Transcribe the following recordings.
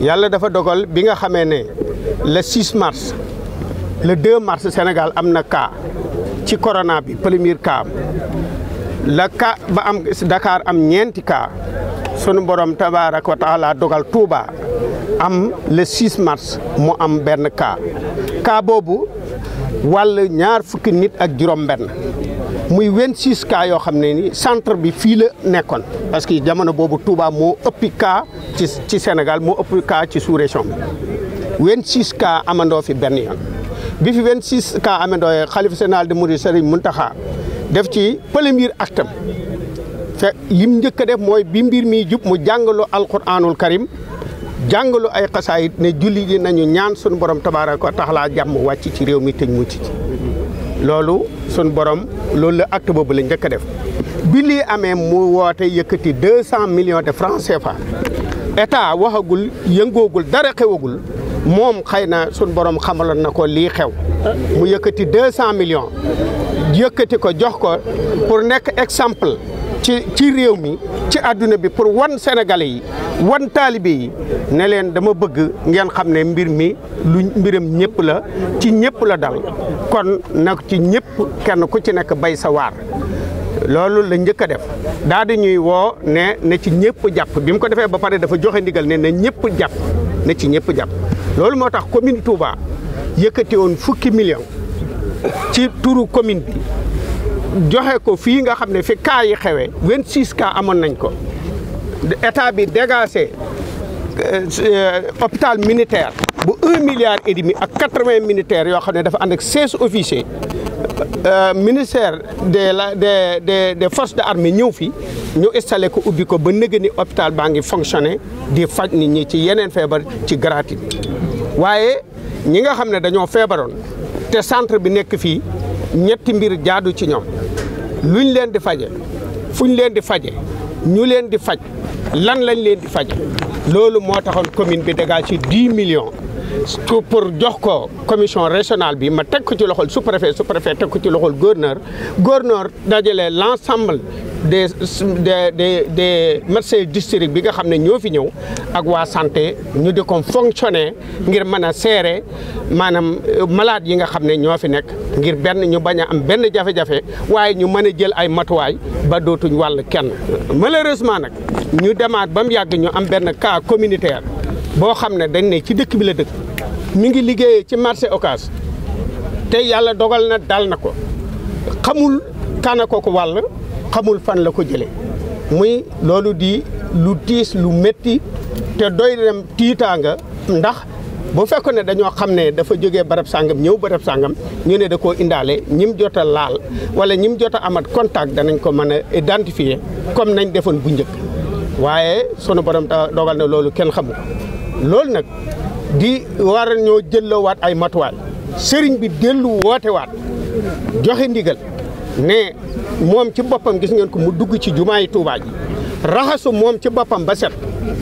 yàlla dafa dogal bi nga xamee ne le 6 mars le 2 mars senegal am na cas ci corona bi premier cas la cas ba am Dakar am ñeenti cas sunu borom tabaaraka wa taala dogal Touba am le 6 mars mu am benn cas cas boobu wàll ñaar fukki nit ak juróom-benn. muy 26 cas yoo xam ne ni centre bi fii la nekkoon parce que jamono boobu Touba moo ëppi cas ci ci Sénégal moo ëppi cas ci sous-région bi 26 cas amandoo fi benn yoon bi fi 26 cas amandoo yee xalifa général de Mouride Serigne Mountakha def ci premier actam fe lim njëkk def mooy bi mbir mi jub mu jàngalu alquranul karim jàngalu ay xasaayit ne julli di nañu ñaan sunu borom tabaaraka wa taala jàmm wàcc ci réew mi te ci ci loolu sun borom loolu la acte boobu la njëkk a def bi lii amee mu woote yëkkati deux cent millions de francs fa état waxagul yëngoogul dara xewagul moom xëy na sun borom xamaloon na ko lii xew mu yëkkati deux cent millions yëkkati ko jox ko pour nekk exemple ci ci réew mi ci àdduna bi pour wan Sénégalais yi wan taalibe yi ne leen dama bëgg ngeen xam ne mbir mi lu mbiram ñëpp la ci ñëpp la dal kon nag ci ñëpp kenn ku ci nekk bay sa waar loolu la njëkk a def daal di ñuy woo ne ne ci ñëpp jàpp bi mu ko defee ba pare dafa joxe ndigal ne ne ñëpp jàpp ne ci ñëpp jàpp loolu moo tax commune Touba yëkkati woon fukki million ci turu commune bi joxe ko fii nga xam ne fi cas yi xewee 26 cas amoon nañ ko état bi dégagé euh, hôpital militaire bu un milliard et demi ak quatre-vingts militaires yoo xam ne dafa ànd ak seize officiers euh, ministère des la des des des forces de armée ñëw fi ñu installé ko ubbi ko ba nëgë hopital baa ngi fonctionné di faj nit ñi ci yeneen feebar ci gratuit waaye ñi nga xam ne dañoo feebaroon te centre bi nekk fii ñetti mbir jaadu ci ñoom luñ leen di faje fu fuñ leen di faje ñu leen di faj lan lañ leen di faj loolu moo taxoon commune bi dégage ci million millions pour jox ko commission régionale bi ma teg ko ci loxol sous-préfet sous-préfet teg ko ci loxol gouverneur gouverneur dajale l'ensemble des des des médecins district bi nga xam ne ñoo fi ñëw ak waa sante ñu di ko fonctionner ngir mën a seere maanaam euh, malaat yi nga xam ne ñoo fi nekk ngir benn ñu bañ a am benn jafe-jafe waaye ñu mën a jël ay matuwaay ba dootuñ wall kenn malheureusement nag ñu demaat ba mu yàgg ñu am benn cas communautaire boo xam ne dañ ne ci dëkk bi la dëkk mi ngi liggéeyee ci marché Ocass te yàlla dogal na dal na ko xamul kana ko ko wàll xamul fan la ko jële muy loolu di lu tiis lu métti te doy dem tiitaanga ndax bu fekkoon ne dañoo xam ne dafa jóge barab sàngam ñëw barab sàngam ñu ne da koo indaale ñim jot a laal wala ñim jot a amat contact danañ ko mën a identifier comme nañ defoon bu njëkk waaye sunu borom ta dogal ne loolu kenn xamu ko loolu nag di war ñoo jëlloowaat ay matuwaay sëriñ bi dellu woote waat joxe ndigal ne moom ci boppam gis ngeen ko mu dugg ci jumaa yi Tuubaa ji raxasu moom ci boppam ba set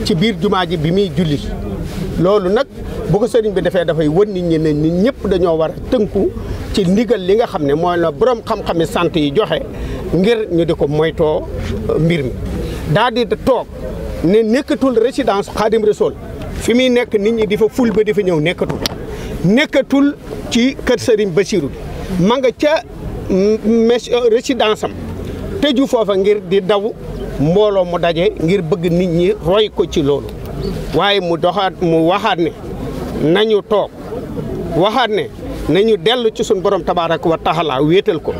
ci biir jumaa ji bi muy jullit loolu nag bu ko sëriñ bi defee dafay wën nit ñi ne nit ñëpp dañoo war a tënku ci ndigal li nga xam ne mooy la borom xam-xami sant yi joxe ngir ñu di ko moytoo euh, mbir mi daal di toog ne nekkatul résidence Xaadim Rasuul fi muy nekk nit ñi di fa ful ba di fa ñëw nekkatul nekkatul ci kër sëriñ Basiiru bi ma ca Euh, résidence am tëju foofa ngir di daw mbooloo mu daje ngir bëgg nit ñi roy ko ci loolu waaye mu doxaat mu waxaat ne nañu toog waxaat ne nañu dellu ci suñ borom tabaaraka wa taala wéetal ko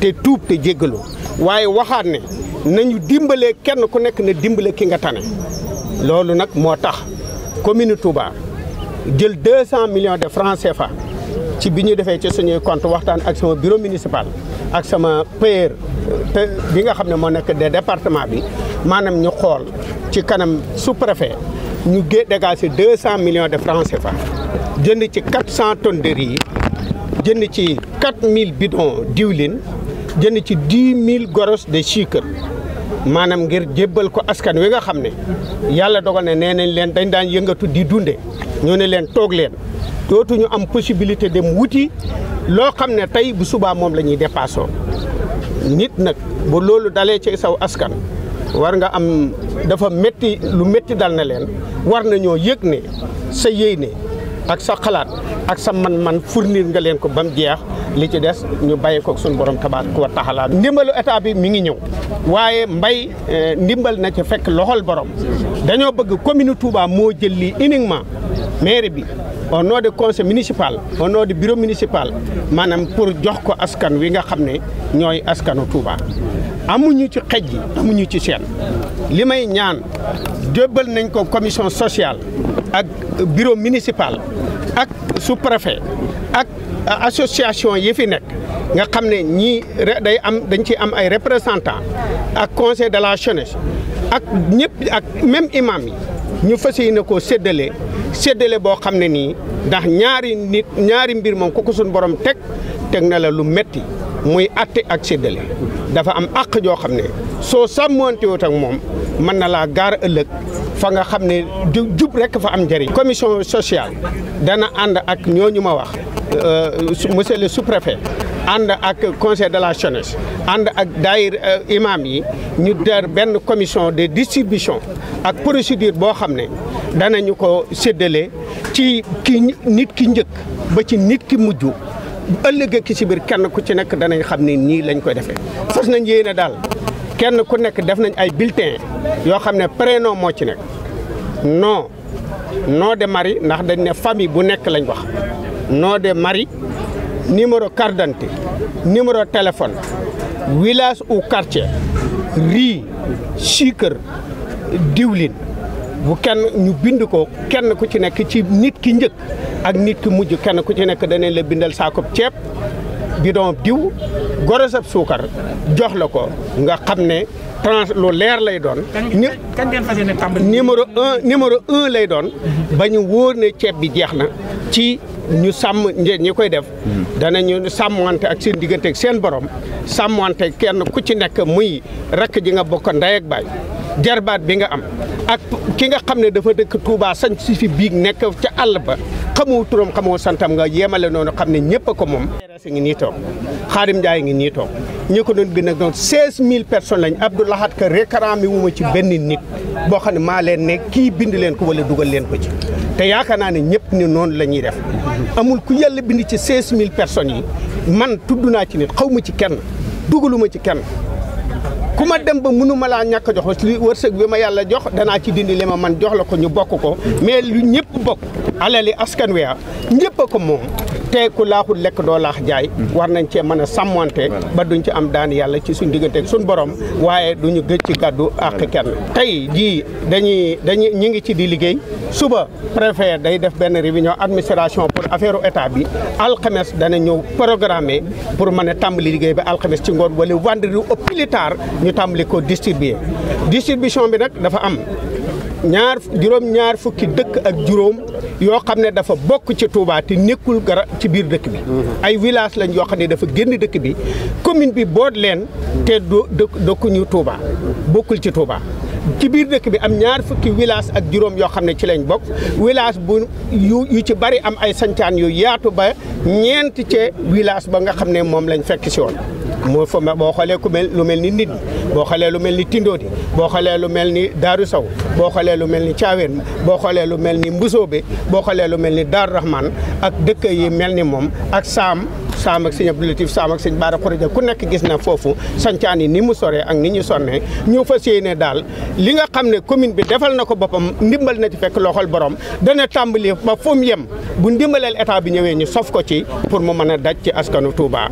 te tuub te jéggalu waaye waxaat ne nañu dimbalee kenn ku nekk na dimbale ki nga tane loolu nag moo tax commune Touba jël deux cent millions de francs CFA ci bi ñu defee ci suñuy compte waxtaan ak sama bureau municipal ak sama payeur te bi nga xam ne moo nekk des département bi maanaam ñu xool ci kanam sous-préfet ñu gé dégagé deux cent millions de francs fa jënd ci quatre cent tonnes de riz jënd ci quatre mille bidons diwlin jënd ci dix mille goros de sucre maanaam ngir jébbal ko askan wi nga xam ne yàlla dogal na nee nañ leen dañ daan yëngatu di dunde ñoo ne leen toog leen dootuñu am possibilité dem wuti loo xam ne tey bu subaa moom la ñuy dépassé nit nag bu loolu dalee ci saw askan war nga am dafa métti lu métti dal na leen war nañoo yëg ne sa yéene ak sa xalaat ak sa man-man fournir nga leen ko ba mu jeex li ci des ñu bàyyi ko suñu borom tabaaraka wa taxalaat ndimbalu état bi mi ngi ñëw waaye mbay eh, ndimbal na ci fekk loxol borom dañoo bëgg commune Touba moo jël lii uniquement mairie bi au nom de conseil municipal au nom de bureau municipal maanaam pour jox ko askan wi nga xam ne ñooy askanu Touba amuñu ci xej yi amuñu ci seen li may ñaan jébbal nañ ko commission sociale ak bureau municipal ak sous ak association yi fi nekk nga xam ne ñii day am dañ ciy am ay représentants ak conseil de la jeunesse ak ñëpp ak même imam yi ñu fas yéene koo séddale séddale boo xam ne nii ndax ñaari nit ñaari mbir moom ku ko borom teg teg na la lu metti muy atte ak séddale dafa am àq joo xam ne soo sàmmantewut ak moom mën na laa gaar ëllëg fa nga xam ne jub rekk fa am njëriñ commission sociale dana ànd ak ñooñu ma wax euh, monsieur le sous-préfet ànd ak conseil de la jeunesse ànd ak daayir euh, imam yi ñu dar benn commission de distribution ak procédure boo xam ne danañu ko séddale ci ki nit ki njëkk ba ci nit ki mujj ëllëgee ki si kenn ku ci nekk danañ xam ni nii lañ koy defee. fas nañ yéene daal kenn ku nekk def nañ ay bulletins yoo xam ne prénom moo ci nekk non nom de mari ndax dañ ne famille bu nekk lañ wax nom de mari numéro carte d'identité numéro téléphone village ou quartier riz sucre diwlin. bu kenn ñu bind ko kenn ku ci nekk ci nit ki njëkk ak nit ki mujj kenn ku ci nekk danañ la bindal saako ceeb bidon diw gorosab suukar jox la ko nga xam ne trans lu leer lay doon. numéro un numéro un lay doon. Mhm. ba ñu wóor ne ceeb bi jeex na ci. ñu sàmm njëriñ ñi koy def danañu sàmmante ak seen diggante ak seen borom sàmmante kenn ku ci nekk muy rakk ji nga bokk ndey ak jarbaat bi nga am ak ki nga xam ne dafa dëkk Touba sañ si fi biig nekk ca àll ba xamoo turam xamoo santam nga yemale noonu xam ne ñëpp ko moom si ngi nii toog Xaadim Njaay ngi nii toog ñi ko doon gën a doon seize mille personnes lañ Abdou Lahad Ka récurrent mi wuma ci benn nit boo xam ne maa leen ne kii bind leen ko wala dugal leen ko ci te yaakaar naa ne ñëpp ne noonu la ñuy def amul ku yàlla bind ci 16000 personnes yi man tudd naa ci nit xaw ma ci kenn dugaluma ci kenn ku ma dem ba mënu ma laa ñàkk jox li wërsëg bi ma yàlla jox danaa ci dindi li ma man jox la ko ñu bokk ko mais lu ñëpp bokk alali askan wi ñëpp a ko moom te ku laaxul lekk doo laax jaay war nañ cee mën a sàmmante ba duñ ci am daan yàlla ci suñ digganteeg suñ borom waaye duñu gëj ci gàddu ak kenn tey jii dañuy dañuy ñi ngi ci di liggéey suba préfet day def benn réunion administration pour affaire état bi alxemes dana ñëw programme pour mën a tàmbali liggéey bi alxames ci ngoon wala vendredi au plus tard ñu tàmbali ko distribuer distribution bi nag dafa am ñaar juróom ñaar fukki dëkk ak juróom yoo xam ne dafa bokk ci Touba te nekkul gara ci biir dëkk bi. Mhm. ay village lañ yoo xam ne dafa génn dëkk bi commune bi boot leen. te do dëkkuñu Touba bokkul ci Touba. ci biir dëkk bi am ñaar fukki village ak juróom yoo xam ne ci lañ bokk village bu yu yu ci bari am ay sancaan yu yaatu ba ñeent ci village ba nga xam ne moom lañ fekk si woon. moo fa boo xoolee ku lu mel ni nit boo xoolee lu mel ni Tindoodi boo xoolee lu mel ni Daaru Saw boo xoolee lu mel ni Caaween boo xoolee lu mel ni Mbusoobe boo xoolee mel ni Daaru Rahman ak dëkk yi mel ni moom ak Saam Saam ak sëñ Abdou Latif Saam ak sëñ Baara ku nekk gis na foofu sancaan yi ni mu soree ak ni ñu sonnee ñu fas yéene daal li nga xam ne commune bi defal na ko boppam ndimbal na ci fekk loxol borom dana tàmbali ba fu yem bu ndimbaleel état bi ñëwee ñu sof ko ci pour mu mën a daj ci askanu Touba.